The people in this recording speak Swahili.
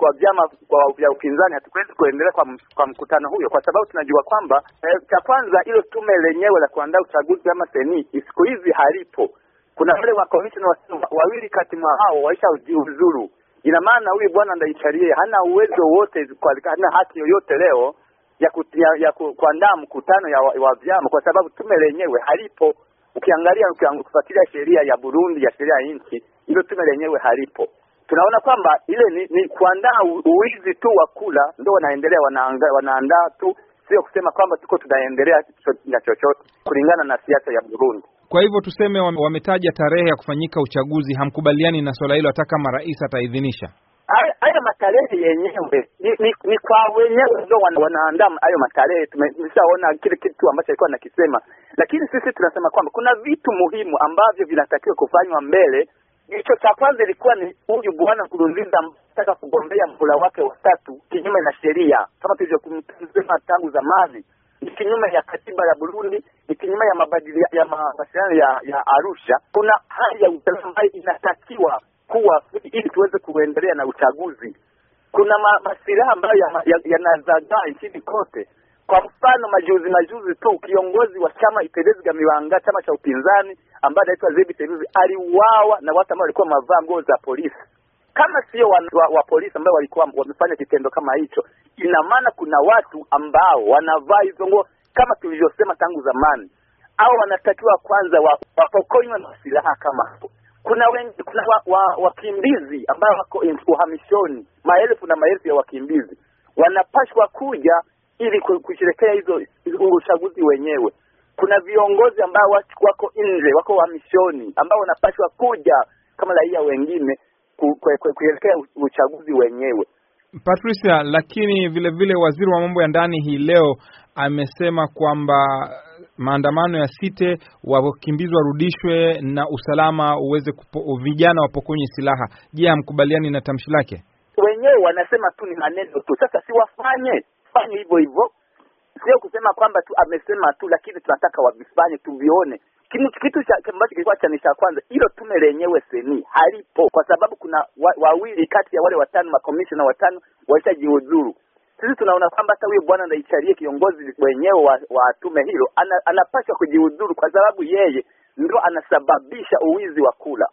kwa vyama kwa vya upinzani hatukuwezi kuendelea kwa, kwa mkutano huyo, kwa sababu tunajua kwamba eh, cha kwanza ilo tume lenyewe la kuandaa uchaguzi ama seni siku hizi halipo. Kuna wale wa, wawili kati mwa hao waisha ujiuzuru. Ina maana huyu bwana Ndayishariye hana uwezo wote, hana haki yoyote leo ya, ya, ya kuandaa mkutano ya wa, wa vyama kwa sababu tume lenyewe halipo. Ukiangalia ukifuatilia sheria ya Burundi ya sheria ya nchi, ilo tume lenyewe halipo tunaona kwamba ile ni, ni kuandaa uwizi tu wa kula, ndio wanaendelea wanaandaa tu, sio kusema kwamba tuko tunaendelea na chochote kulingana na siasa ya Burundi. Kwa hivyo tuseme, wametaja tarehe ya kufanyika uchaguzi, hamkubaliani na swala hilo hata kama rais ataidhinisha hayo matarehe yenyewe ni, ni, ni kwa wenyewe ndio wanaandaa hayo matarehe. Tumeshaona kile kitu ambacho alikuwa anakisema, lakini sisi tunasema kwamba kuna vitu muhimu ambavyo vinatakiwa kufanywa mbele Jicho cha kwanza ilikuwa ni huyu bwana Nkurunziza taka kugombea mhula wake watatu kinyume na sheria, kama tulivyokumsema tangu zamani, ni kinyume ya katiba ya Burundi, ni kinyume ya mabadiliko ya mawasiliano ya, ya Arusha. Kuna hali ya usalama ambayo inatakiwa kuwa ili tuweze kuendelea na uchaguzi. Kuna ma, masilaha ambayo yanazagaa ya, ya nchini kote kwa mfano majuzi majuzi tu kiongozi wa chama Ipelezga miwanga chama cha upinzani ambaye anaitwa Zebi Teruzi aliuawa na watu ambao walikuwa wamevaa nguo za polisi. Kama sio wa, wa, wa polisi ambao walikuwa wamefanya kitendo kama hicho, ina maana kuna watu ambao wanavaa hizo nguo kama tulivyosema tangu zamani, au wanatakiwa kwanza wapokonywe na silaha kama hapo. Kuna wengi, kuna wakimbizi wa, wakimbizi ambao wako uhamishoni, maelfu na maelfu ya wakimbizi wanapashwa kuja ili kujiletea hizo uchaguzi wenyewe. Kuna viongozi ambao wako nje, wako misioni, ambao wanapashwa kuja kama raia wengine kuelekea uchaguzi wenyewe. Patricia, lakini vile vile waziri wa mambo ya ndani hii leo amesema kwamba maandamano ya site, wakimbizi warudishwe na usalama uweze kupo, vijana wapokonywe silaha. Je, hamkubaliani na tamshi lake? Wenyewe wanasema tu ni maneno tu, sasa siwafanye fanye hivyo hivyo, sio kusema kwamba tu amesema tu, lakini tunataka wavifanye tuvione. Kitu ambacho kilikuwa chani cha kwanza, hilo tume lenyewe seni halipo, kwa sababu kuna wa, wawili kati ya wale watano makomishona watano walishajiuzuru. Sisi tunaona kwamba hata huyo bwana ndaichalie kiongozi wenyewe wa, wa tume hilo ana, anapaswa kujiuzuru kwa sababu yeye ndo anasababisha uwizi wa kula.